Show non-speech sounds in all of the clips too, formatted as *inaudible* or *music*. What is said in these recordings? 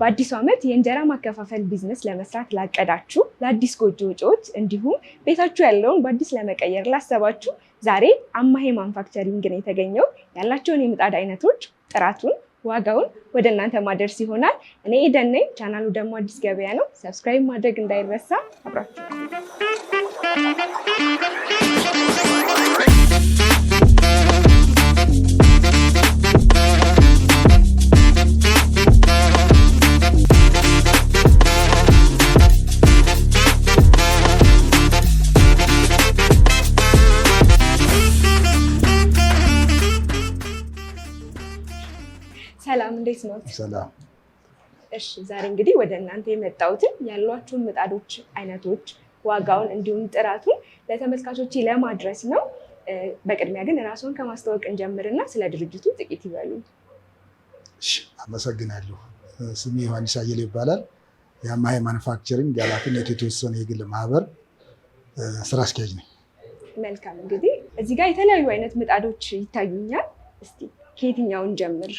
በአዲሱ ዓመት የእንጀራ ማከፋፈል ቢዝነስ ለመስራት ላቀዳችሁ፣ ለአዲስ ጎጆ ወጪዎች እንዲሁም ቤታችሁ ያለውን በአዲስ ለመቀየር ላሰባችሁ ዛሬ አማሄ ማንፋክቸሪንግ ነው የተገኘው። ያላቸውን የምጣድ አይነቶች ጥራቱን፣ ዋጋውን ወደ እናንተ ማደርስ ይሆናል። እኔ ኤደን ነኝ። ቻናሉ ደግሞ አዲስ ገበያ ነው። ሰብስክራይብ ማድረግ እንዳይረሳ። አብራችሁ እንዴት ነው? ሰላም። እሺ፣ ዛሬ እንግዲህ ወደ እናንተ የመጣሁትን ያሏችሁን ምጣዶች አይነቶች፣ ዋጋውን እንዲሁም ጥራቱን ለተመልካቾች ለማድረስ ነው። በቅድሚያ ግን ራስዎን ከማስተዋወቅ እንጀምርና ስለ ድርጅቱ ጥቂት ይበሉ። አመሰግናለሁ። ስሜ ዮሐንስ አየለ ይባላል። የአማሄ ማኑፋክቸሪንግ ኃላፊነት የተወሰነ የግል ማህበር ስራ አስኪያጅ ነኝ። መልካም እንግዲህ እዚህ ጋር የተለያዩ አይነት ምጣዶች ይታዩኛል። እስኪ ከየትኛውን ጀምር?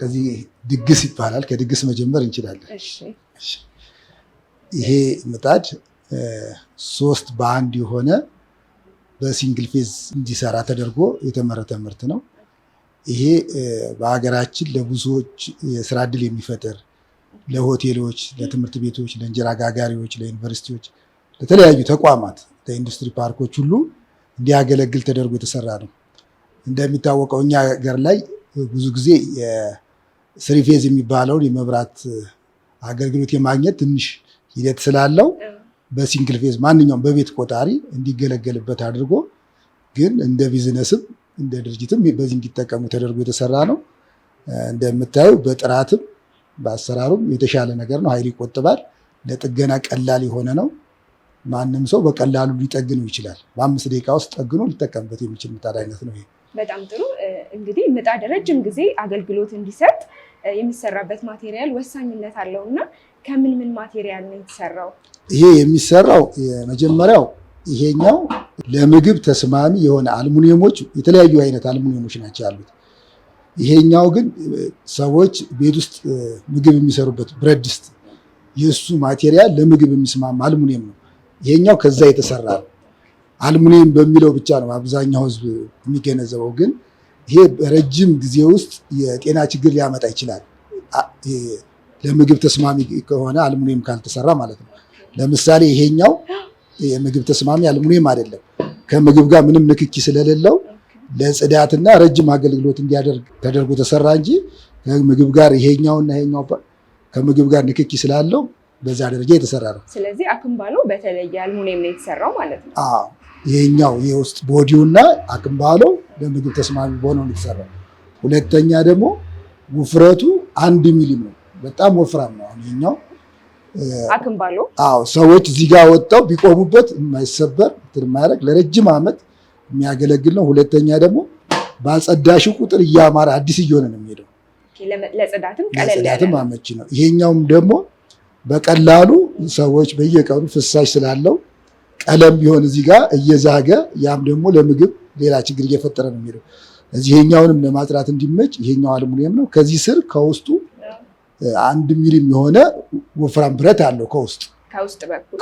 ከዚህ ድግስ ይባላል። ከድግስ መጀመር እንችላለን። ይሄ ምጣድ ሶስት በአንድ የሆነ በሲንግል ፌዝ እንዲሰራ ተደርጎ የተመረተ ምርት ነው። ይሄ በሀገራችን ለብዙዎች የስራ እድል የሚፈጥር ለሆቴሎች፣ ለትምህርት ቤቶች፣ ለእንጀራ ጋጋሪዎች፣ ለዩኒቨርሲቲዎች፣ ለተለያዩ ተቋማት፣ ለኢንዱስትሪ ፓርኮች ሁሉ እንዲያገለግል ተደርጎ የተሰራ ነው። እንደሚታወቀው እኛ ሀገር ላይ ብዙ ጊዜ ስሪፌዝ የሚባለውን የመብራት አገልግሎት የማግኘት ትንሽ ሂደት ስላለው በሲንግል ፌዝ ማንኛውም በቤት ቆጣሪ እንዲገለገልበት አድርጎ ግን እንደ ቢዝነስም እንደ ድርጅትም በዚህ እንዲጠቀሙ ተደርጎ የተሰራ ነው። እንደምታዩ በጥራትም በአሰራሩም የተሻለ ነገር ነው። ኃይል ይቆጥባል። ለጥገና ቀላል የሆነ ነው። ማንም ሰው በቀላሉ ሊጠግነው ይችላል። በአምስት ደቂቃ ውስጥ ጠግኖ ሊጠቀምበት የሚችል ምጣድ አይነት ነው ይሄ። በጣም ጥሩ እንግዲህ ምጣድ ረጅም ጊዜ አገልግሎት እንዲሰጥ የሚሰራበት ማቴሪያል ወሳኝነት አለው እና ከምን ምን ማቴሪያል ነው የተሰራው? ይሄ የሚሰራው የመጀመሪያው ይሄኛው ለምግብ ተስማሚ የሆነ አልሙኒየሞች፣ የተለያዩ አይነት አልሙኒየሞች ናቸው ያሉት። ይሄኛው ግን ሰዎች ቤት ውስጥ ምግብ የሚሰሩበት ብረት ድስት፣ የእሱ ማቴሪያል ለምግብ የሚስማም አልሙኒየም ነው። ይሄኛው ከዛ የተሰራ ነው። አልሙኒየም በሚለው ብቻ ነው አብዛኛው ህዝብ የሚገነዘበው ግን ይሄ በረጅም ጊዜ ውስጥ የጤና ችግር ሊያመጣ ይችላል። ለምግብ ተስማሚ ከሆነ አልሙኒየም ካልተሰራ ማለት ነው። ለምሳሌ ይሄኛው የምግብ ተስማሚ አልሙኒየም አይደለም። ከምግብ ጋር ምንም ንክኪ ስለሌለው ለጽዳትና ረጅም አገልግሎት እንዲያደርግ ተደርጎ ተሰራ እንጂ ከምግብ ጋር ይሄኛውና ይሄኛው ከምግብ ጋር ንክኪ ስላለው በዛ ደረጃ የተሰራ ነው። ስለዚህ አክምባሎ በተለየ አልሙኒየም ነው የተሰራው ማለት ነው። ይሄኛው ይሄ ውስጥ ቦዲውና አክምባሎ ለምግብ ተስማሚ በሆነው እንዲሰራ፣ ሁለተኛ ደግሞ ውፍረቱ አንድ ሚሊም ነው። በጣም ወፍራም ነው። አሁን ይኸኛው አዎ፣ ሰዎች እዚህ ጋር ወጣው ቢቆሙበት የማይሰበር እንትን የማያደርግ ለረጅም ዓመት የሚያገለግል ነው። ሁለተኛ ደግሞ ባጸዳሽው ቁጥር እያማረ አዲስ እየሆነ ነው የሚሄደው። ለጽዳትም አመቺ ነው። ይሄኛውም ደግሞ በቀላሉ ሰዎች በየቀኑ ፍሳሽ ስላለው ቀለም ቢሆን እዚህ ጋር እየዛገ ያም ደግሞ ለምግብ ሌላ ችግር እየፈጠረ ነው የሚሄደው። እዚህ ለማጽዳት ለማጥራት እንዲመች ይሄኛው አልሙኒየም ነው። ከዚህ ስር ከውስጡ አንድ ሚሊም የሆነ ወፍራም ብረት አለው ከውስጥ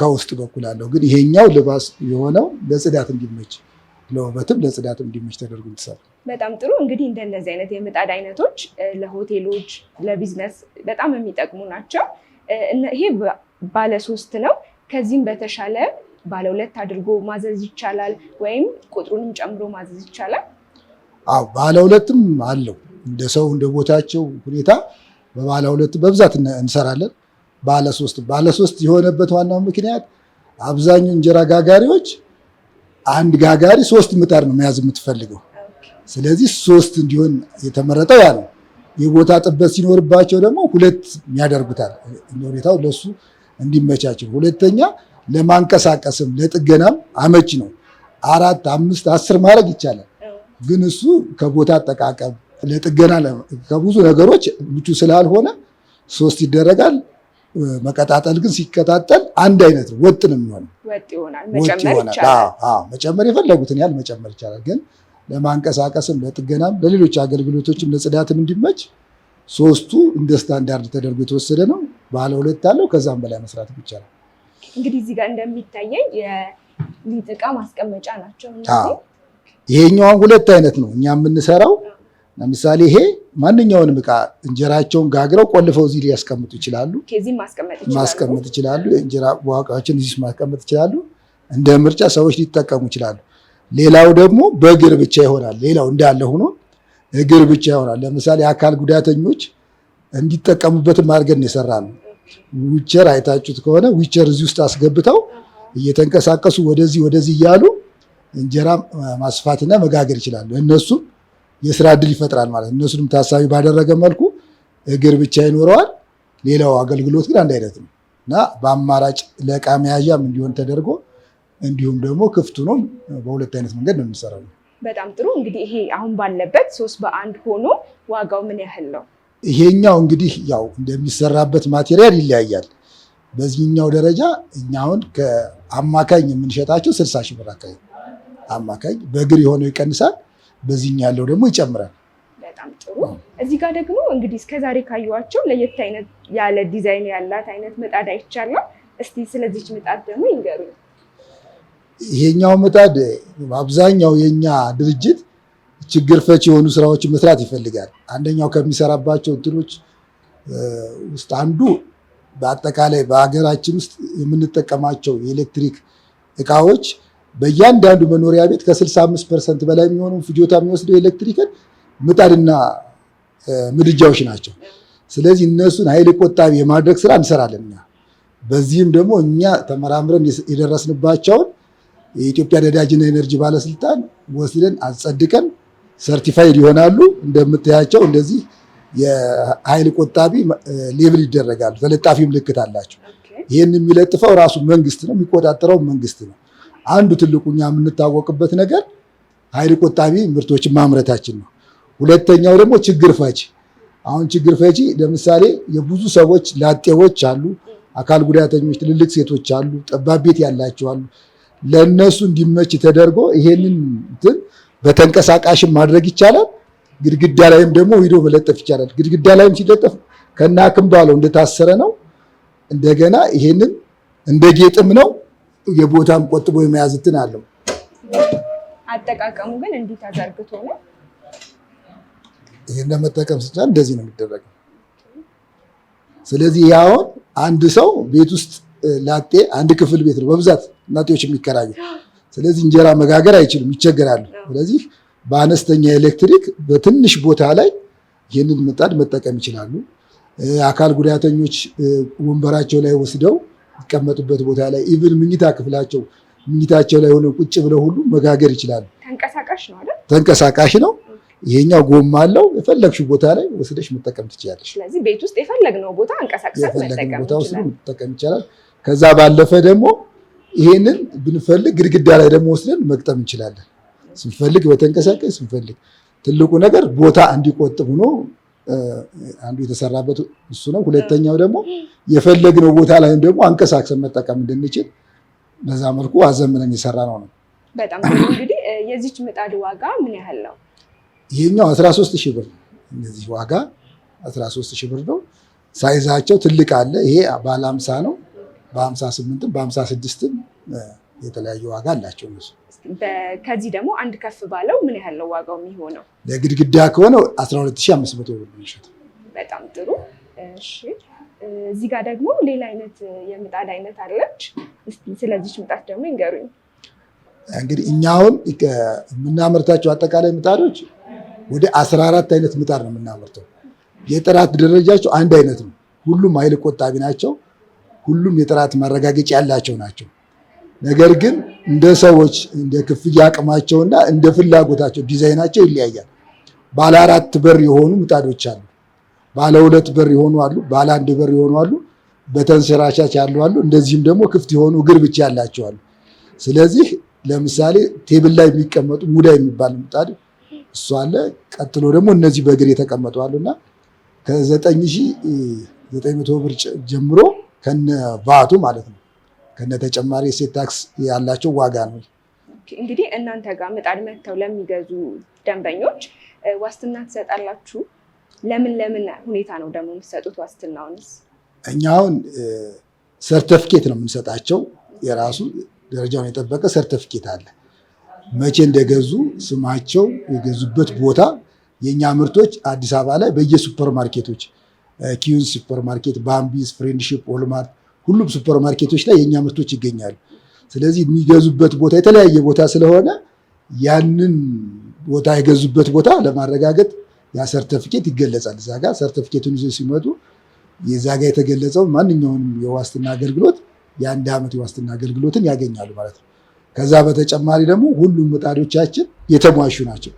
ከውስጥ በኩል አለው። ግን ይሄኛው ልባስ የሆነው ለጽዳት እንዲመች ለውበትም ለጽዳት እንዲመች ተደርጎ ይሰራል። በጣም ጥሩ እንግዲህ እንደነዚህ አይነት የምጣድ አይነቶች ለሆቴሎች፣ ለቢዝነስ በጣም የሚጠቅሙ ናቸው። ይሄ ባለሶስት ነው። ከዚህም በተሻለ ባለ ሁለት አድርጎ ማዘዝ ይቻላል ወይም ቁጥሩንም ጨምሮ ማዘዝ ይቻላል? አዎ ባለ ሁለትም አለው። እንደ ሰው እንደ ቦታቸው ሁኔታ በባለ ሁለት በብዛት እንሰራለን። ባለ ሶስት ባለ ሶስት የሆነበት ዋናው ምክንያት አብዛኛው እንጀራ ጋጋሪዎች አንድ ጋጋሪ ሶስት ምጣድ ነው መያዝ የምትፈልገው። ስለዚህ ሶስት እንዲሆን የተመረጠው ያ ነው። የቦታ ጥበት ሲኖርባቸው ደግሞ ሁለት ያደርጉታል። ሁኔታው ለሱ እንዲመቻችል። ሁለተኛ ለማንቀሳቀስም ለጥገናም አመች ነው። አራት አምስት አስር ማድረግ ይቻላል። ግን እሱ ከቦታ አጠቃቀም ለጥገና ከብዙ ነገሮች ምቹ ስላልሆነ ሶስት ይደረጋል። መቀጣጠል ግን ሲቀጣጠል አንድ አይነት ነው፣ ወጥ ነው የሚሆነው። ወጥ ይሆናል። መጨመር የፈለጉትን ያህል መጨመር ይቻላል። ግን ለማንቀሳቀስም ለጥገናም ለሌሎች አገልግሎቶችም ለጽዳትም እንዲመች ሶስቱ እንደ ስታንዳርድ ተደርጎ የተወሰደ ነው። ባለ ሁለት አለው። ከዛም በላይ መስራት ይቻላል። እንግዲህ እዚህ ጋር እንደሚታየኝ የሊጥ ዕቃ ማስቀመጫ ናቸው። ይሄኛውን ሁለት አይነት ነው እኛ የምንሰራው። ለምሳሌ ይሄ ማንኛውንም ዕቃ እንጀራቸውን ጋግረው ቆልፈው እዚህ ሊያስቀምጡ ይችላሉ፣ ማስቀመጥ ይችላሉ። እንጀራ መዋቃዎችን እዚህ ማስቀመጥ ይችላሉ። እንደ ምርጫ ሰዎች ሊጠቀሙ ይችላሉ። ሌላው ደግሞ በእግር ብቻ ይሆናል። ሌላው እንዳለ ሆኖ እግር ብቻ ይሆናል። ለምሳሌ አካል ጉዳተኞች እንዲጠቀሙበትም አድርገን የሰራ ነው። ዊቸር አይታችሁት ከሆነ ዊቸር እዚህ ውስጥ አስገብተው እየተንቀሳቀሱ ወደዚህ ወደዚህ እያሉ እንጀራ ማስፋትና መጋገር ይችላሉ። እነሱም የስራ እድል ይፈጥራል ማለት ነው። እነሱንም ታሳቢ ባደረገ መልኩ እግር ብቻ ይኖረዋል። ሌላው አገልግሎት ግን አንድ አይነት ነው እና በአማራጭ ለእቃ መያዣም እንዲሆን ተደርጎ እንዲሁም ደግሞ ክፍት ነው። በሁለት አይነት መንገድ ነው የሚሰራው። በጣም ጥሩ። እንግዲህ ይሄ አሁን ባለበት ሶስት በአንድ ሆኖ ዋጋው ምን ያህል ነው? ይሄኛው እንግዲህ ያው እንደሚሰራበት ማቴሪያል ይለያያል። በዚህኛው ደረጃ እኛ አሁን ከአማካኝ የምንሸጣቸው ስልሳ ሺህ ብር አካባቢ አማካኝ በእግር የሆነው ይቀንሳል፣ በዚህኛ ያለው ደግሞ ይጨምራል። በጣም ጥሩ። እዚህ ጋር ደግሞ እንግዲህ እስከዛሬ ካየኋቸው ለየት አይነት ያለ ዲዛይን ያላት አይነት ምጣድ አይቻለሁ። እስቲ ስለዚች ምጣድ ደግሞ ይንገሩ። ይሄኛው ምጣድ አብዛኛው የኛ ድርጅት ችግር ፈች የሆኑ ስራዎችን መስራት ይፈልጋል። አንደኛው ከሚሰራባቸው እንትኖች ውስጥ አንዱ በአጠቃላይ በሀገራችን ውስጥ የምንጠቀማቸው የኤሌክትሪክ እቃዎች በእያንዳንዱ መኖሪያ ቤት ከ65 ፐርሰንት በላይ የሚሆኑ ፍጆታ የሚወስደው ኤሌክትሪክን ምጣድና ምድጃዎች ናቸው። ስለዚህ እነሱን ኃይል ቆጣቢ የማድረግ ስራ እንሰራለን። በዚህም ደግሞ እኛ ተመራምረን የደረስንባቸውን የኢትዮጵያ ነዳጅና ኤነርጂ ባለስልጣን ወስደን አጸድቀን ሰርቲፋይድ ይሆናሉ። እንደምታያቸው እንደዚህ የኃይል ቆጣቢ ሌብል ይደረጋሉ። ተለጣፊ ምልክት አላቸው። ይህን የሚለጥፈው ራሱ መንግስት ነው፣ የሚቆጣጠረው መንግስት ነው። አንዱ ትልቁ እኛ የምንታወቅበት ነገር ኃይል ቆጣቢ ምርቶችን ማምረታችን ነው። ሁለተኛው ደግሞ ችግር ፈቺ። አሁን ችግር ፈቺ ለምሳሌ የብዙ ሰዎች ላጤዎች አሉ፣ አካል ጉዳተኞች፣ ትልልቅ ሴቶች አሉ፣ ጠባብ ቤት ያላቸው አሉ። ለእነሱ እንዲመች ተደርጎ ይሄንን እንትን በተንቀሳቃሽም ማድረግ ይቻላል። ግድግዳ ላይም ደግሞ ሂዶ መለጠፍ ይቻላል። ግድግዳ ላይም ሲለጠፍ ከና ባለው እንደታሰረ ነው። እንደገና ይሄንን እንደ ጌጥም ነው። የቦታም ቆጥቦ የመያዝ አለው። አጠቃቀሙ ግን እንዲህ ተዘርግቶ ነው። ይሄን ለመጠቀም ስቻል እንደዚህ ነው የሚደረገው። ስለዚህ ያሁን አንድ ሰው ቤት ውስጥ ላጤ አንድ ክፍል ቤት ነው በብዛት እናጤዎች የሚከራየው ስለዚህ እንጀራ መጋገር አይችልም፣ ይቸገራሉ። ስለዚህ በአነስተኛ ኤሌክትሪክ በትንሽ ቦታ ላይ ይህንን ምጣድ መጠቀም ይችላሉ። አካል ጉዳተኞች ወንበራቸው ላይ ወስደው ይቀመጡበት ቦታ ላይ ኢቭን ምኝታ ክፍላቸው ምኝታቸው ላይ ሆነ ቁጭ ብለው ሁሉ መጋገር ይችላሉ። ተንቀሳቃሽ ነው። ይሄኛው ጎማ አለው። የፈለግሽ ቦታ ላይ ወስደሽ መጠቀም ትችላለሽ። ስለዚህ ቤት ውስጥ የፈለግነው ቦታ አንቀሳቅሰን መጠቀም ይቻላል። ከዛ ባለፈ ደግሞ ይሄንን ብንፈልግ ግድግዳ ላይ ደግሞ ወስደን መግጠም እንችላለን። ስንፈልግ በተንቀሳቀስ ስንፈልግ ትልቁ ነገር ቦታ እንዲቆጥብ ሆኖ አንዱ የተሰራበት እሱ ነው። ሁለተኛው ደግሞ የፈለግነው ቦታ ላይም ደግሞ አንቀሳቅሰን መጠቀም እንድንችል በዛ መልኩ አዘምነን የሰራ ነው ነው። በጣም እንግዲህ የዚች ምጣድ ዋጋ ምን ያህል ነው? ይህኛው 13 ሺህ ብር እነዚህ ዋጋ 13 ሺህ ብር ነው። ሳይዛቸው ትልቅ አለ። ይሄ ባለ 50 ነው። በሀምሳ ስምንትም በሀምሳ ስድስትም የተለያዩ ዋጋ አላቸው። እነሱ ከዚህ ደግሞ አንድ ከፍ ባለው ምን ያህል ነው ዋጋው የሚሆነው? ለግድግዳ ከሆነው 12500 ብር ይሸጣል። በጣም ጥሩ። እሺ እዚህ ጋር ደግሞ ሌላ አይነት የምጣድ አይነት አለች። ስለዚች ምጣድ ደግሞ ይንገሩኝ። እንግዲህ እኛውን የምናመርታቸው አጠቃላይ ምጣዶች ወደ 14 አይነት ምጣድ ነው የምናመርተው። የጥራት ደረጃቸው አንድ አይነት ነው። ሁሉም ኃይል ቆጣቢ ናቸው። ሁሉም የጥራት ማረጋገጫ ያላቸው ናቸው። ነገር ግን እንደ ሰዎች እንደ ክፍያ አቅማቸውና እንደ ፍላጎታቸው ዲዛይናቸው ይለያያል። ባለ አራት በር የሆኑ ምጣዶች አሉ። ባለ ሁለት በር የሆኑ አሉ። ባለ አንድ በር የሆኑ አሉ። በተንሰራሻች ያሉ አሉ። እንደዚህም ደግሞ ክፍት የሆኑ እግር ብቻ ያላቸው አሉ። ስለዚህ ለምሳሌ ቴብል ላይ የሚቀመጡ ሙዳ የሚባል ምጣድ እሱ አለ። ቀጥሎ ደግሞ እነዚህ በእግር የተቀመጡ አሉና ከዘጠኝ ሺህ ዘጠኝ መቶ ብር ጀምሮ ከነ ቫቱ ማለት ነው። ከነ ተጨማሪ እሴት ታክስ ያላቸው ዋጋ ነው። እንግዲህ እናንተ ጋር ምጣድ መጥተው ለሚገዙ ደንበኞች ዋስትና ትሰጣላችሁ? ለምን ለምን ሁኔታ ነው ደግሞ የምትሰጡት ዋስትናውንስ? እኛ አሁን ሰርተፍኬት ነው የምንሰጣቸው። የራሱ ደረጃውን የጠበቀ ሰርተፍኬት አለ። መቼ እንደገዙ ስማቸው፣ የገዙበት ቦታ፣ የእኛ ምርቶች አዲስ አበባ ላይ በየሱፐርማርኬቶች ኪዩን ሱፐር ማርኬት፣ ባምቢስ፣ ፍሬንድሽፕ፣ ኦልማርት ሁሉም ሱፐር ማርኬቶች ላይ የእኛ ምርቶች ይገኛሉ። ስለዚህ የሚገዙበት ቦታ የተለያየ ቦታ ስለሆነ ያንን ቦታ የገዙበት ቦታ ለማረጋገጥ ያ ሰርተፊኬት ይገለጻል። እዛ ጋር ሰርተፊኬቱን ይዞ ሲመጡ የዛ ጋር የተገለጸው ማንኛውንም የዋስትና አገልግሎት የአንድ ዓመት የዋስትና አገልግሎትን ያገኛሉ ማለት ነው። ከዛ በተጨማሪ ደግሞ ሁሉም ምጣዶቻችን የተሟሹ ናቸው።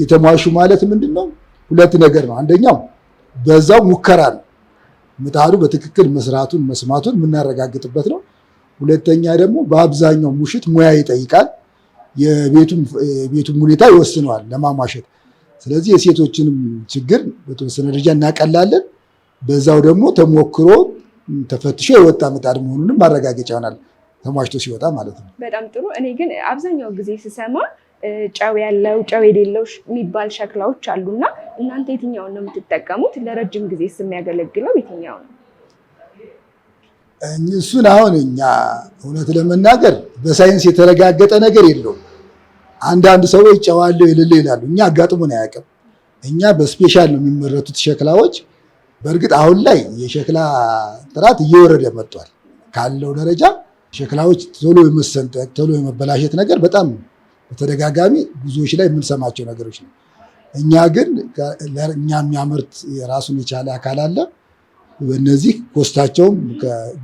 የተሟሹ ማለት ምንድን ነው? ሁለት ነገር ነው። አንደኛው በዛው ሙከራ ነው። ምጣዱ በትክክል መስራቱን መስማቱን የምናረጋግጥበት ነው። ሁለተኛ ደግሞ በአብዛኛው ሙሽት ሙያ ይጠይቃል። የቤቱም ሁኔታ ይወስነዋል ለማሟሸት። ስለዚህ የሴቶችንም ችግር በተወሰነ ደረጃ እናቀላለን። በዛው ደግሞ ተሞክሮ ተፈትሾ የወጣ ምጣድ መሆኑንም ማረጋገጫ ይሆናል ተሟሽቶ ሲወጣ ማለት ነው። በጣም ጥሩ። እኔ ግን አብዛኛው ጊዜ ስሰማ ጨው ያለው ጨው የሌለው የሚባል ሸክላዎች አሉና እናንተ የትኛውን ነው የምትጠቀሙት? ለረጅም ጊዜ የሚያገለግለው የትኛው ነው? እሱን አሁን እኛ እውነት ለመናገር በሳይንስ የተረጋገጠ ነገር የለውም። አንዳንድ ሰዎች ጨው አለው የሌለው ይላሉ። እኛ አጋጥሞን አያውቅም። እኛ በስፔሻል ነው የሚመረቱት ሸክላዎች። በእርግጥ አሁን ላይ የሸክላ ጥራት እየወረደ መጥቷል ካለው ደረጃ ሸክላዎች ቶሎ የመሰንጠቅ ቶሎ የመበላሸት ነገር በጣም በተደጋጋሚ ብዙዎች ላይ የምንሰማቸው ነገሮች ነው። እኛ ግን እኛ የሚያመርት ራሱን የቻለ አካል አለ። በእነዚህ ኮስታቸውም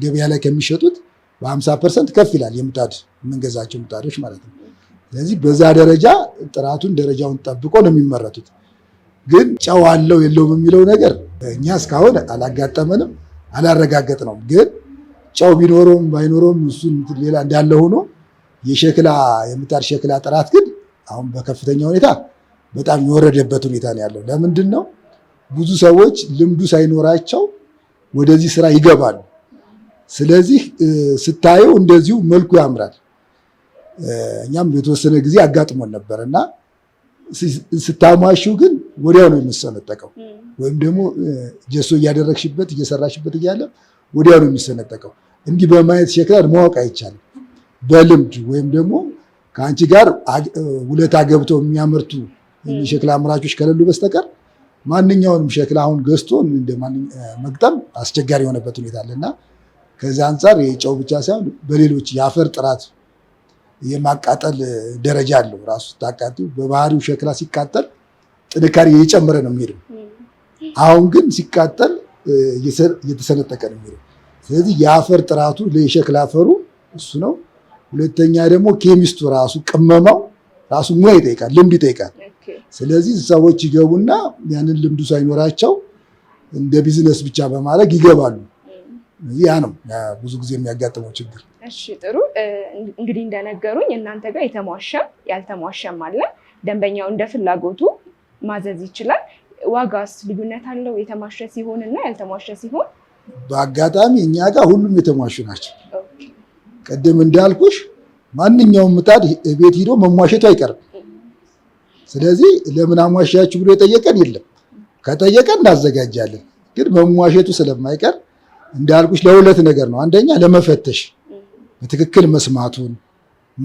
ገበያ ላይ ከሚሸጡት በ50 ፐርሰንት ከፍ ይላል የምጣድ የምንገዛቸው ምጣዶች ማለት ነው። ስለዚህ በዛ ደረጃ ጥራቱን ደረጃውን ጠብቆ ነው የሚመረቱት። ግን ጨው አለው የለውም የሚለው ነገር እኛ እስካሁን አላጋጠመንም፣ አላረጋገጥ ነው። ግን ጨው ቢኖረውም ባይኖረውም እሱ ሌላ እንዳለ ሆኖ የሸክላ የምጣድ ሸክላ ጥራት ግን አሁን በከፍተኛ ሁኔታ በጣም የወረደበት ሁኔታ ነው ያለው። ለምንድን ነው ብዙ ሰዎች ልምዱ ሳይኖራቸው ወደዚህ ስራ ይገባሉ። ስለዚህ ስታየው እንደዚሁ መልኩ ያምራል። እኛም የተወሰነ ጊዜ አጋጥሞን ነበር እና ስታሟሹ ግን ወዲያው ነው የሚሰነጠቀው፣ ወይም ደግሞ ጀሶ እያደረግሽበት እየሰራሽበት እያለ ወዲያው ነው የሚሰነጠቀው። እንዲህ በማየት ሸክላ ማወቅ አይቻልም። በልምድ ወይም ደግሞ ከአንቺ ጋር ውለታ ገብተው የሚያመርቱ ሸክላ አምራቾች ከሌሉ በስተቀር ማንኛውንም ሸክላ አሁን ገዝቶ መግጠም አስቸጋሪ የሆነበት ሁኔታ አለ እና ከዚህ አንጻር የጨው ብቻ ሳይሆን በሌሎች የአፈር ጥራት የማቃጠል ደረጃ አለው። ራሱ ታቃጢ በባህሪው ሸክላ ሲቃጠል ጥንካሬ እየጨመረ ነው የሚሄድም። አሁን ግን ሲቃጠል እየተሰነጠቀ ነው የሚሄድም። ስለዚህ የአፈር ጥራቱ ለሸክላ አፈሩ እሱ ነው። ሁለተኛ ደግሞ ኬሚስቱ ራሱ ቅመማው ራሱ ሙያ ይጠይቃል፣ ልምድ ይጠይቃል። ስለዚህ ሰዎች ይገቡና ያንን ልምዱ ሳይኖራቸው እንደ ቢዝነስ ብቻ በማድረግ ይገባሉ። ያ ነው ብዙ ጊዜ የሚያጋጥመው ችግር። እሺ ጥሩ እንግዲህ እንደነገሩኝ እናንተ ጋር የተሟሸም ያልተሟሸም አለ። ደንበኛው እንደ ፍላጎቱ ማዘዝ ይችላል። ዋጋስ ልዩነት አለው? የተሟሸ ሲሆን እና ያልተሟሸ ሲሆን? በአጋጣሚ እኛ ጋር ሁሉም የተሟሹ ናቸው። ቅድም እንዳልኩሽ ማንኛውም ምጣድ ቤት ሂዶ መሟሸቱ አይቀርም። ስለዚህ ለምን አሟሻችሁ ብሎ የጠየቀን የለም። ከጠየቀን እናዘጋጃለን፣ ግን መሟሸቱ ስለማይቀር እንዳልኩሽ ለሁለት ነገር ነው። አንደኛ ለመፈተሽ በትክክል መስማቱን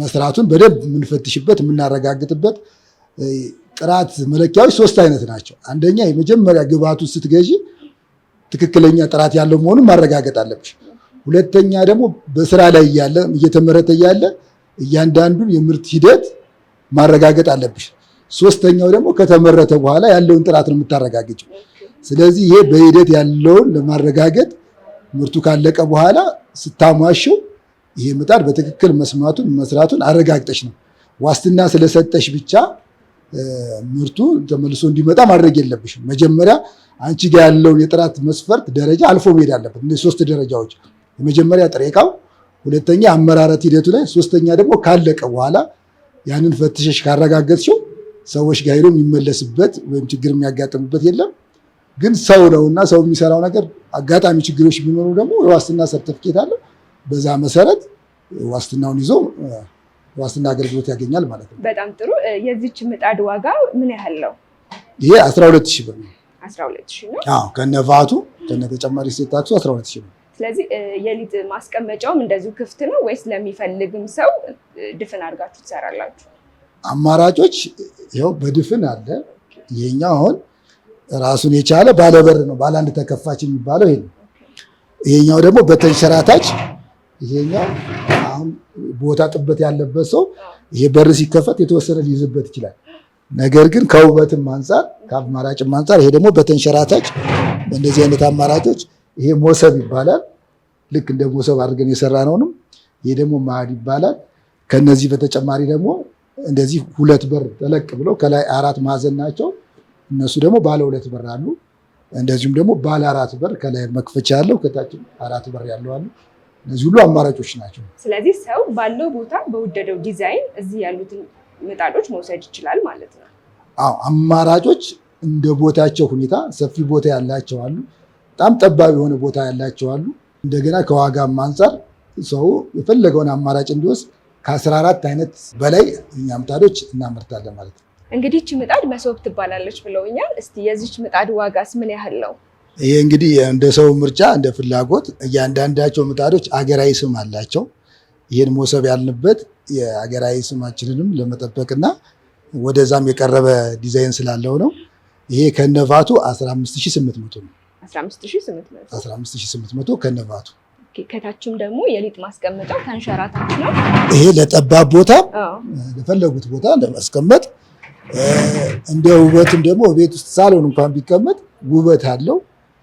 መስራቱን በደንብ የምንፈትሽበት የምናረጋግጥበት ጥራት መለኪያዎች ሶስት አይነት ናቸው። አንደኛ የመጀመሪያ ግብአቱን ስትገዢ ትክክለኛ ጥራት ያለው መሆኑን ማረጋገጥ አለብሽ። ሁለተኛ ደግሞ በስራ ላይ እያለ እየተመረተ እያለ እያንዳንዱን የምርት ሂደት ማረጋገጥ አለብሽ። ሶስተኛው ደግሞ ከተመረተ በኋላ ያለውን ጥራት ነው የምታረጋግጭው። ስለዚህ ይሄ በሂደት ያለውን ለማረጋገጥ ምርቱ ካለቀ በኋላ ስታሟሽው ይሄ ምጣድ በትክክል መስማቱን መስራቱን አረጋግጠሽ ነው። ዋስትና ስለሰጠሽ ብቻ ምርቱ ተመልሶ እንዲመጣ ማድረግ የለብሽም። መጀመሪያ አንቺ ጋር ያለውን የጥራት መስፈርት ደረጃ አልፎ መሄድ አለበት። እነዚህ ሶስት ደረጃዎች የመጀመሪያ ጥሬ እቃው ሁለተኛ አመራረት ሂደቱ ላይ፣ ሶስተኛ ደግሞ ካለቀ በኋላ ያንን ፈትሸሽ ካረጋገጥሽው ሰዎች ጋር ሄዶ የሚመለስበት ወይም ችግር የሚያጋጥምበት የለም። ግን ሰው ነው እና ሰው የሚሰራው ነገር አጋጣሚ ችግሮች ቢኖሩ ደግሞ የዋስትና ሰርተፍኬት አለ። በዛ መሰረት ዋስትናውን ይዞ ዋስትና አገልግሎት ያገኛል ማለት ነው። በጣም ጥሩ። የዚች ምጣድ ዋጋ ምን ያህል ነው? ይሄ 12 ሺህ ብር ነው። ከነ ቫቱ ከነ ተጨማሪ ሴት ታክሱ 12 ሺህ ብር ስለዚህ የሊጥ ማስቀመጫውም እንደዚሁ ክፍት ነው ወይስ ለሚፈልግም ሰው ድፍን አድርጋችሁ ትሰራላችሁ? አማራጮች ይኸው በድፍን አለ። ይሄኛው አሁን ራሱን የቻለ ባለበር ነው፣ ባለአንድ ተከፋች የሚባለው ይሄ ነው። ይሄኛው ደግሞ በተንሸራታች ይሄኛው አሁን ቦታ ጥበት ያለበት ሰው ይሄ በር ሲከፈት የተወሰነ ሊይዝበት ይችላል። ነገር ግን ከውበትም አንጻር ከአማራጭም አንጻር ይሄ ደግሞ በተንሸራታች በእንደዚህ አይነት አማራጮች ይሄ ሞሰብ ይባላል። ልክ እንደ ሞሰብ አድርገን የሰራ ነውንም። ይሄ ደግሞ ማዕድ ይባላል። ከነዚህ በተጨማሪ ደግሞ እንደዚህ ሁለት በር ተለቅ ብለው ከላይ አራት ማዕዘን ናቸው። እነሱ ደግሞ ባለ ሁለት በር አሉ። እንደዚሁም ደግሞ ባለ አራት በር ከላይ መክፈቻ ያለው ከታች አራት በር ያለው አሉ። እነዚህ ሁሉ አማራጮች ናቸው። ስለዚህ ሰው ባለው ቦታ በወደደው ዲዛይን እዚህ ያሉትን ምጣዶች መውሰድ ይችላል ማለት ነው። አዎ አማራጮች እንደ ቦታቸው ሁኔታ ሰፊ ቦታ ያላቸው አሉ። በጣም ጠባብ የሆነ ቦታ ያላቸው አሉ። እንደገና ከዋጋም አንጻር ሰው የፈለገውን አማራጭ እንዲወስድ ከአስራ አራት አይነት በላይ እኛ ምጣዶች እናመርታለን ማለት ነው። እንግዲህ ይቺ ምጣድ መሶብ ትባላለች ብለውኛል። እስቲ የዚች ምጣድ ዋጋስ ምን ያህል ነው? ይሄ እንግዲህ እንደ ሰው ምርጫ እንደ ፍላጎት እያንዳንዳቸው ምጣዶች አገራዊ ስም አላቸው። ይህን መሶብ ያልንበት የአገራዊ ስማችንንም ለመጠበቅና ወደዛም የቀረበ ዲዛይን ስላለው ነው። ይሄ ከነፋቱ 15800 ነው። 15800 ከነባቱ ከታችም ደግሞ የሊጥ ማስቀመጫው ተንሸራታች ነው። ይሄ ለጠባብ ቦታ ለፈለጉት ቦታ ለማስቀመጥ እንደ ውበትም ደግሞ ቤት ውስጥ ሳሎን እንኳን ቢቀመጥ ውበት አለው።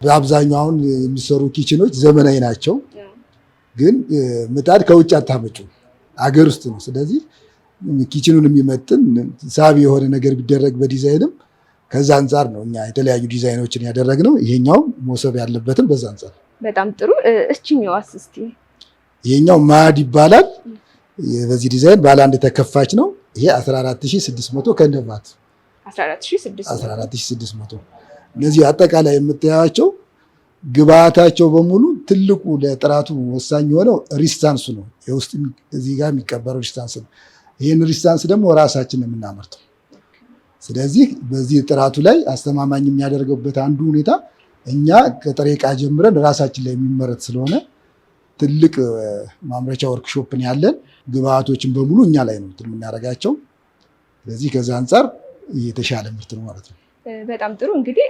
በአብዛኛው አሁን የሚሰሩ ኪችኖች ዘመናዊ ናቸው፣ ግን ምጣድ ከውጭ አታመጩ አገር ውስጥ ነው። ስለዚህ ኪችኑን የሚመጥን ሳቢ የሆነ ነገር ቢደረግ በዲዛይንም ከዛ አንጻር ነው እኛ የተለያዩ ዲዛይኖችን ያደረግነው። ይሄኛው መሶብ ያለበትን በዛ አንጻር በጣም ጥሩ። እችኛዋስ እስኪ ይሄኛው ማድ ይባላል። በዚህ ዲዛይን ባለ አንድ ተከፋች ነው። ይሄ 14600 ከነባት 14600 እነዚህ አጠቃላይ የምታያቸው ግብአታቸው በሙሉ ትልቁ ለጥራቱ ወሳኝ የሆነው ሪስታንሱ ነው። የውስጥ እዚህ ጋር የሚቀበረው ሪስታንስ ነው። ይህን ሪስታንስ ደግሞ ራሳችን የምናመርተው ስለዚህ በዚህ ጥራቱ ላይ አስተማማኝ የሚያደርገበት አንዱ ሁኔታ እኛ ከጥሬ ዕቃ ጀምረን ራሳችን ላይ የሚመረት ስለሆነ ትልቅ ማምረቻ ወርክሾፕን ያለን ግብአቶችን በሙሉ እኛ ላይ ነው የምናደርጋቸው። ስለዚህ ከዛ አንጻር የተሻለ ምርት ነው ማለት ነው። በጣም ጥሩ እንግዲህ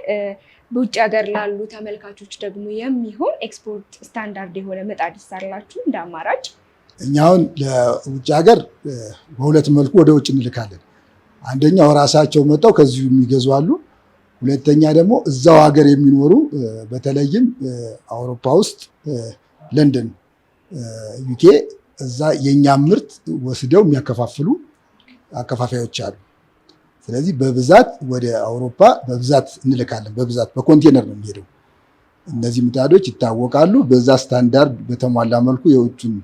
በውጭ ሀገር ላሉ ተመልካቾች ደግሞ የሚሆን ኤክስፖርት ስታንዳርድ የሆነ ምጣድ ይሰራላችሁ እንደ አማራጭ። እኛ አሁን ለውጭ ሀገር በሁለት መልኩ ወደ ውጭ እንልካለን። አንደኛው ራሳቸው መጥተው ከዚሁ የሚገዙ አሉ። ሁለተኛ ደግሞ እዛው ሀገር የሚኖሩ በተለይም አውሮፓ ውስጥ ለንደን፣ ዩኬ እዛ የእኛ ምርት ወስደው የሚያከፋፍሉ አከፋፋዮች አሉ። ስለዚህ በብዛት ወደ አውሮፓ በብዛት እንልካለን። በብዛት በኮንቴነር ነው የሚሄደው። እነዚህ ምጣዶች ይታወቃሉ። በዛ ስታንዳርድ በተሟላ መልኩ የውጭን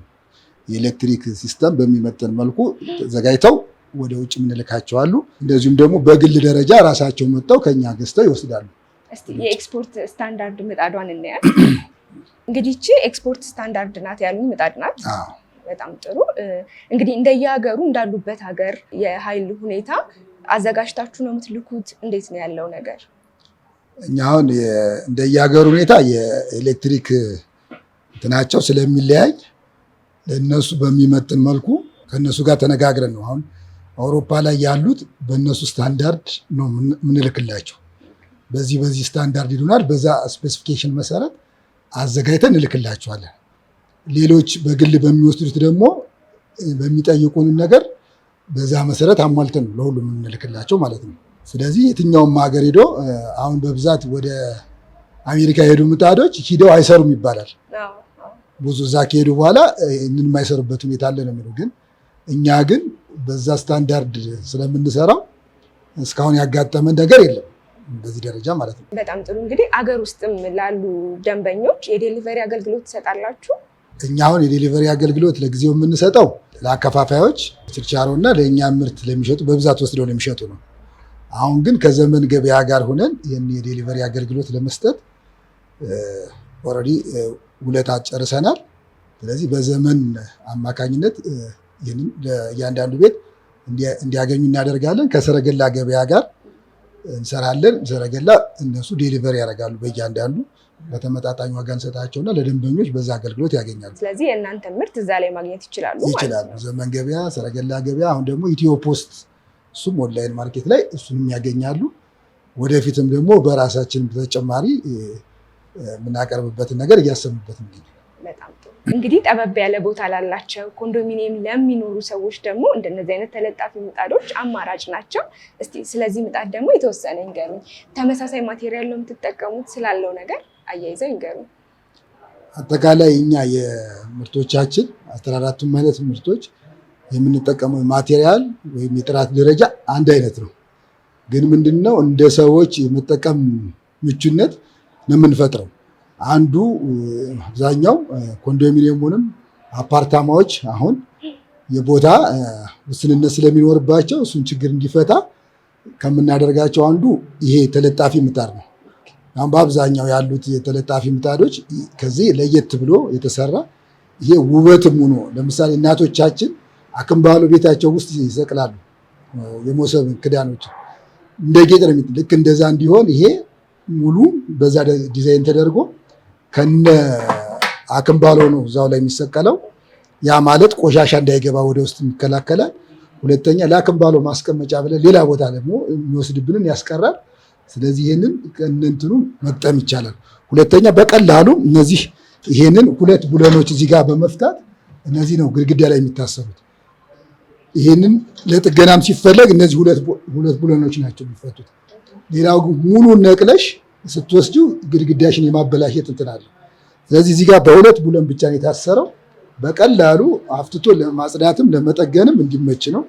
የኤሌክትሪክ ሲስተም በሚመጠን መልኩ ተዘጋጅተው ወደ ውጭ የምንልካቸው አሉ። እንደዚሁም ደግሞ በግል ደረጃ ራሳቸው መጥተው ከኛ ገዝተው ይወስዳሉ። እስቲ የኤክስፖርት ስታንዳርድ ምጣዷን እናያል። እንግዲህ ኤክስፖርት ስታንዳርድ ናት ያሉ ምጣድ ናት። በጣም ጥሩ። እንግዲህ እንደየሀገሩ እንዳሉበት ሀገር የሀይል ሁኔታ አዘጋጅታችሁ ነው የምትልኩት? እንዴት ነው ያለው ነገር? እኛ አሁን እንደየሀገሩ ሁኔታ የኤሌክትሪክ እንትናቸው ስለሚለያይ ለእነሱ በሚመጥን መልኩ ከእነሱ ጋር ተነጋግረን ነው አሁን አውሮፓ ላይ ያሉት በእነሱ ስታንዳርድ ነው የምንልክላቸው። በዚህ በዚህ ስታንዳርድ ይሉናል። በዛ ስፔሲፊኬሽን መሰረት አዘጋጅተን እንልክላቸዋለን። ሌሎች በግል በሚወስዱት ደግሞ በሚጠይቁን ነገር በዛ መሰረት አሟልተን ለሁሉም የምንልክላቸው ማለት ነው። ስለዚህ የትኛውም ሀገር ሄዶ አሁን በብዛት ወደ አሜሪካ የሄዱ ምጣዶች ሂደው አይሰሩም ይባላል። ብዙ እዛ ከሄዱ በኋላ ይህንን የማይሰሩበት ሁኔታ አለ ነው። ግን እኛ ግን በዛ ስታንዳርድ ስለምንሰራው እስካሁን ያጋጠመን ነገር የለም በዚህ ደረጃ ማለት ነው። በጣም ጥሩ። እንግዲህ አገር ውስጥም ላሉ ደንበኞች የዴሊቨሪ አገልግሎት ትሰጣላችሁ? እኛ አሁን የዴሊቨሪ አገልግሎት ለጊዜው የምንሰጠው ለአከፋፋዮች ችርቻሮ እና ለእኛ ምርት ለሚሸጡ በብዛት ወስደው የሚሸጡ ነው። አሁን ግን ከዘመን ገበያ ጋር ሆነን ይህን የዴሊቨሪ አገልግሎት ለመስጠት ኦልሬዲ ውለታ ጨርሰናል። ስለዚህ በዘመን አማካኝነት እያንዳንዱ ቤት እንዲያገኙ እናደርጋለን። ከሰረገላ ገበያ ጋር እንሰራለን። ሰረገላ እነሱ ዴሊቨሪ ያደርጋሉ። በእያንዳንዱ በተመጣጣኝ ዋጋ እንሰጣቸውና ለደንበኞች በዛ አገልግሎት ያገኛሉ። ስለዚህ የእናንተ ምርት እዛ ላይ ማግኘት ይችላሉ ይችላሉ። ዘመን ገበያ፣ ሰረገላ ገበያ፣ አሁን ደግሞ ኢትዮ ፖስት እሱም ኦንላይን ማርኬት ላይ እሱንም ያገኛሉ። ወደፊትም ደግሞ በራሳችን ተጨማሪ የምናቀርብበትን ነገር እያሰሙበት በጣም እንግዲህ ጠበብ ያለ ቦታ ላላቸው ኮንዶሚኒየም ለሚኖሩ ሰዎች ደግሞ እንደነዚህ አይነት ተለጣፊ ምጣዶች አማራጭ ናቸው። እስቲ ስለዚህ ምጣድ ደግሞ የተወሰነ ይንገሩኝ። ተመሳሳይ ማቴሪያል ነው የምትጠቀሙት ስላለው ነገር አያይዘው ይንገሩኝ። አጠቃላይ እኛ የምርቶቻችን አስራ አራቱም አይነት ምርቶች የምንጠቀመው ማቴሪያል ወይም የጥራት ደረጃ አንድ አይነት ነው። ግን ምንድነው እንደ ሰዎች የመጠቀም ምቹነት ነው የምንፈጥረው አንዱ አብዛኛው ኮንዶሚኒየሙንም አፓርታማዎች አሁን የቦታ ውስንነት ስለሚኖርባቸው እሱን ችግር እንዲፈታ ከምናደርጋቸው አንዱ ይሄ ተለጣፊ ምጣድ ነው። አሁን በአብዛኛው ያሉት የተለጣፊ ምጣዶች ከዚህ ለየት ብሎ የተሰራ ይሄ ውበትም ሆኖ ለምሳሌ እናቶቻችን አክምባሎ ቤታቸው ውስጥ ይሰቅላሉ የሞሰብ ክዳኖች እንደ ጌጥ ልክ እንደዛ እንዲሆን ይሄ ሙሉ በዛ ዲዛይን ተደርጎ ከነ አክምባሎ ነው እዛው ላይ የሚሰቀለው። ያ ማለት ቆሻሻ እንዳይገባ ወደ ውስጥ ይከላከላል። ሁለተኛ ለአክምባሎ ማስቀመጫ ብለን ሌላ ቦታ ደግሞ የሚወስድብንን ያስቀራል። ስለዚህ ይህንን ከእንትኑ መቅጠም ይቻላል። ሁለተኛ በቀላሉ እነዚህ ይሄንን ሁለት ቡለኖች እዚህ ጋር በመፍታት እነዚህ ነው ግድግዳ ላይ የሚታሰሩት። ይሄንን ለጥገናም ሲፈለግ እነዚህ ሁለት ቡለኖች ናቸው የሚፈቱት። ሌላው ሙሉ ነቅለሽ ስትወስዱ ግድግዳሽን የማበላሸት እንትን አለ። ስለዚህ እዚህ ጋር በሁለት ቡለን ብቻ ነው የታሰረው። በቀላሉ አፍትቶ ለማጽዳትም ለመጠገንም እንዲመች ነው።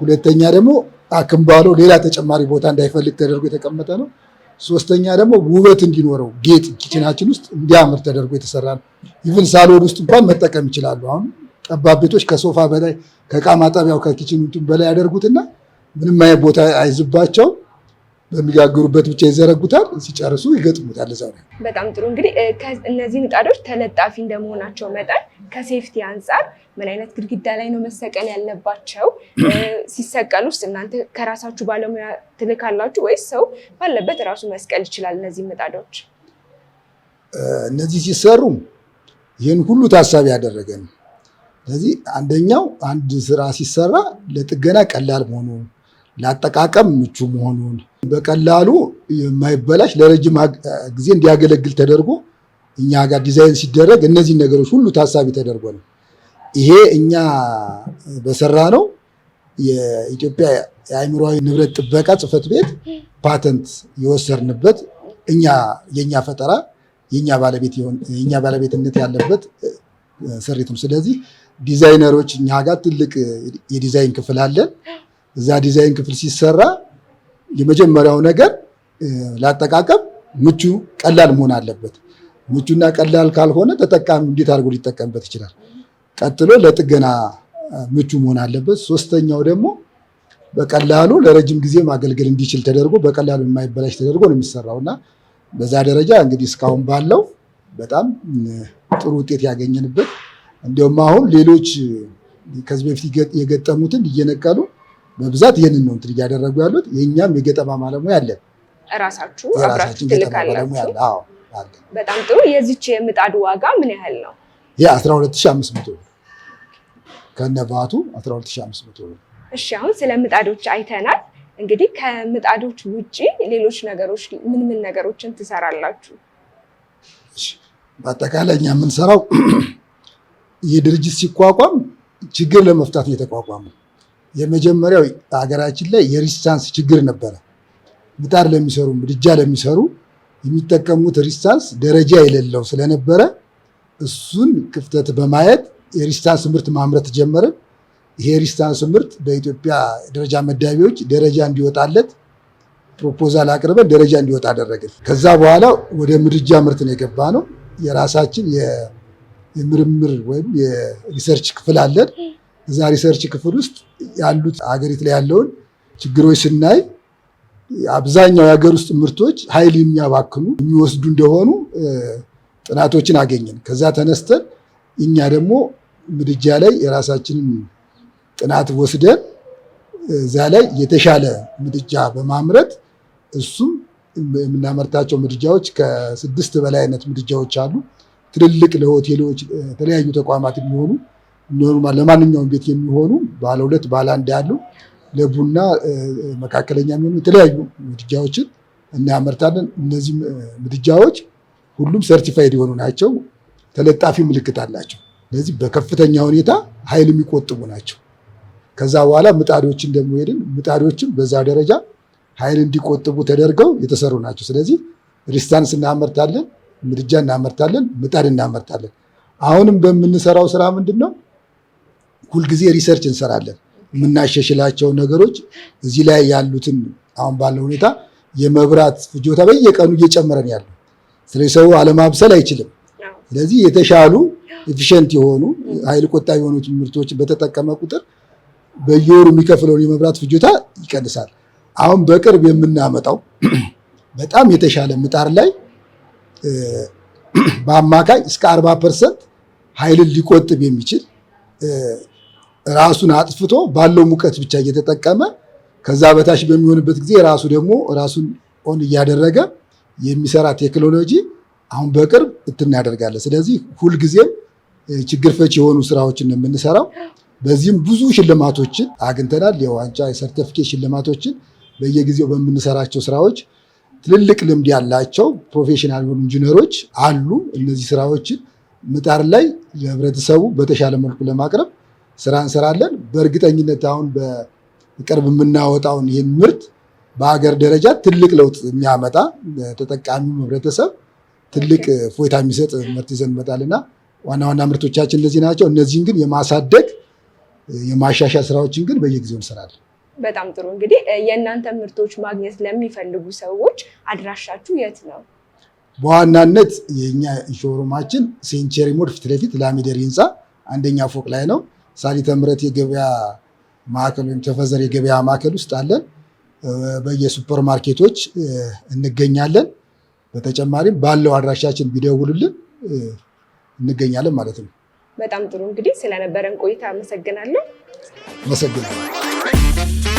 ሁለተኛ ደግሞ አክምባሎ ሌላ ተጨማሪ ቦታ እንዳይፈልግ ተደርጎ የተቀመጠ ነው። ሶስተኛ ደግሞ ውበት እንዲኖረው ጌጥ ኪችናችን ውስጥ እንዲያምር ተደርጎ የተሰራ ነው። ኢቭን ሳሎን ውስጥ እንኳን መጠቀም ይችላሉ። አሁን ጠባብ ቤቶች ከሶፋ በላይ ከእቃ ማጠቢያው ከኪችን በላይ ያደርጉትና ምንም አይነት ቦታ አይዝባቸውም። በሚጋግሩበት ብቻ ይዘረጉታል። ሲጨርሱ ይገጥሙታል። እዛ በጣም ጥሩ። እንግዲህ እነዚህ ምጣዶች ተለጣፊ እንደመሆናቸው መጠን ከሴፍቲ አንጻር ምን አይነት ግድግዳ ላይ ነው መሰቀል ያለባቸው? ሲሰቀሉ ውስጥ እናንተ ከራሳችሁ ባለሙያ ትልካላችሁ ወይስ ሰው ባለበት እራሱ መስቀል ይችላል? እነዚህ ምጣዶች እነዚህ ሲሰሩ ይህን ሁሉ ታሳቢ ያደረገ ነው። ስለዚህ አንደኛው አንድ ስራ ሲሰራ ለጥገና ቀላል መሆኑን ለአጠቃቀም ምቹ መሆኑን በቀላሉ የማይበላሽ ለረጅም ጊዜ እንዲያገለግል ተደርጎ እኛ ጋር ዲዛይን ሲደረግ እነዚህ ነገሮች ሁሉ ታሳቢ ተደርጎ ነው። ይሄ እኛ በሰራ ነው። የኢትዮጵያ የአእምሯዊ ንብረት ጥበቃ ጽህፈት ቤት ፓተንት የወሰርንበት እኛ የእኛ ፈጠራ የእኛ ባለቤትነት ያለበት ስሪት ነው። ስለዚህ ዲዛይነሮች እኛ ጋር ትልቅ የዲዛይን ክፍል አለን። እዛ ዲዛይን ክፍል ሲሰራ የመጀመሪያው ነገር ላጠቃቀም ምቹ ቀላል መሆን አለበት። ምቹና ቀላል ካልሆነ ተጠቃሚ እንዴት አድርጎ ሊጠቀምበት ይችላል? ቀጥሎ ለጥገና ምቹ መሆን አለበት። ሶስተኛው ደግሞ በቀላሉ ለረጅም ጊዜ ማገልገል እንዲችል ተደርጎ በቀላሉ የማይበላሽ ተደርጎ ነው የሚሰራው እና በዛ ደረጃ እንግዲህ እስካሁን ባለው በጣም ጥሩ ውጤት ያገኘንበት እንዲሁም አሁን ሌሎች ከዚህ በፊት የገጠሙትን እየነቀሉ በብዛት ይህንን ነው እንትን እያደረጉ ያሉት። የእኛም የገጠማ ባለሙያ አለን። እራሳችሁ አብራችሁ ትልካላችሁ? አዎ። በጣም ጥሩ። የዚች የምጣድ ዋጋ ምን ያህል ነው? ይህ 12500 ከነባቱ 12500 ነው። እሺ፣ አሁን ስለ ምጣዶች አይተናል። እንግዲህ ከምጣዶች ውጪ ሌሎች ነገሮች ምን ምን ነገሮችን ትሰራላችሁ? በአጠቃላይ እኛ የምንሰራው የድርጅት *clears throat* ሲቋቋም ችግር ለመፍታት እየተቋቋመ ነው የመጀመሪያው ሀገራችን ላይ የሪስታንስ ችግር ነበረ። ምጣድ ለሚሰሩ ምድጃ ለሚሰሩ የሚጠቀሙት ሪስታንስ ደረጃ የሌለው ስለነበረ እሱን ክፍተት በማየት የሪስታንስ ምርት ማምረት ጀመርን። ይሄ ሪስታንስ ምርት በኢትዮጵያ ደረጃ መዳቢዎች ደረጃ እንዲወጣለት ፕሮፖዛል አቅርበን ደረጃ እንዲወጣ አደረግን። ከዛ በኋላ ወደ ምድጃ ምርት ነው የገባ ነው። የራሳችን የምርምር ወይም የሪሰርች ክፍል አለን። እዛ ሪሰርች ክፍል ውስጥ ያሉት ሀገሪት ላይ ያለውን ችግሮች ስናይ አብዛኛው የሀገር ውስጥ ምርቶች ኃይል የሚያባክኑ የሚወስዱ እንደሆኑ ጥናቶችን አገኘን። ከዛ ተነስተን እኛ ደግሞ ምድጃ ላይ የራሳችንን ጥናት ወስደን እዛ ላይ የተሻለ ምድጃ በማምረት እሱም የምናመርታቸው ምድጃዎች ከስድስት በላይ አይነት ምድጃዎች አሉ። ትልልቅ ለሆቴሎች፣ የተለያዩ ተቋማት የሚሆኑ ኖርማል ለማንኛውም ቤት የሚሆኑ ባለ ሁለት ባለ አንድ ያሉ ለቡና መካከለኛ የሚሆኑ የተለያዩ ምድጃዎችን እናያመርታለን። እነዚህ ምድጃዎች ሁሉም ሰርቲፋይድ የሆኑ ናቸው። ተለጣፊ ምልክት አላቸው። ስለዚህ በከፍተኛ ሁኔታ ኃይል የሚቆጥቡ ናቸው። ከዛ በኋላ ምጣዶችን ደግሞ ሄድን። ምጣዶችን በዛ ደረጃ ኃይል እንዲቆጥቡ ተደርገው የተሰሩ ናቸው። ስለዚህ ሪስታንስ እናመርታለን፣ ምድጃ እናመርታለን፣ ምጣድ እናመርታለን። አሁንም በምንሰራው ስራ ምንድን ነው ሁልጊዜ ሪሰርች እንሰራለን። የምናሻሽላቸውን ነገሮች እዚህ ላይ ያሉትን አሁን ባለው ሁኔታ የመብራት ፍጆታ በየቀኑ እየጨመረን ያለ ስለዚህ ሰው አለማብሰል አይችልም። ስለዚህ የተሻሉ ኤፊሽንት የሆኑ ኃይል ቆጣቢ የሆኑ ምርቶች በተጠቀመ ቁጥር በየወሩ የሚከፍለውን የመብራት ፍጆታ ይቀንሳል። አሁን በቅርብ የምናመጣው *clears throat* በጣም የተሻለ ምጣድ ላይ *clears throat* በአማካይ እስከ አርባ ፐርሰንት ኃይልን ሊቆጥብ የሚችል ራሱን አጥፍቶ ባለው ሙቀት ብቻ እየተጠቀመ ከዛ በታች በሚሆንበት ጊዜ ራሱ ደግሞ ራሱን ኦን እያደረገ የሚሰራ ቴክኖሎጂ አሁን በቅርብ እናደርጋለን። ስለዚህ ሁልጊዜም ችግር ፈች የሆኑ ስራዎችን ነው የምንሰራው። በዚህም ብዙ ሽልማቶችን አግኝተናል። የዋንጫ የሰርተፊኬት ሽልማቶችን በየጊዜው በምንሰራቸው ስራዎች ትልልቅ ልምድ ያላቸው ፕሮፌሽናል የሆኑ ኢንጂነሮች አሉ። እነዚህ ስራዎችን ምጣር ላይ ለህብረተሰቡ በተሻለ መልኩ ለማቅረብ ስራ እንሰራለን። በእርግጠኝነት አሁን በቅርብ የምናወጣውን ይህን ምርት በሀገር ደረጃ ትልቅ ለውጥ የሚያመጣ ተጠቃሚው ህብረተሰብ ትልቅ ፎይታ የሚሰጥ ምርት ይዘን እንመጣልና ዋና ዋና ምርቶቻችን እነዚህ ናቸው። እነዚህን ግን የማሳደግ የማሻሻል ስራዎችን ግን በየጊዜው እንሰራለን። በጣም ጥሩ። እንግዲህ የእናንተ ምርቶች ማግኘት ለሚፈልጉ ሰዎች አድራሻችሁ የት ነው? በዋናነት የእኛ ሾሩማችን ሴንቸሪ ሞድ ፊት ለፊት ላሚደሪ ህንፃ አንደኛ ፎቅ ላይ ነው። ሳሊተ ምሕረት የገበያ ማዕከል ወይም ተፈዘር የገበያ ማዕከል ውስጥ አለን። በየሱፐር ማርኬቶች እንገኛለን። በተጨማሪም ባለው አድራሻችን ቢደውሉልን እንገኛለን ማለት ነው። በጣም ጥሩ እንግዲህ ስለነበረን ቆይታ አመሰግናለሁ። አመሰግናለሁ።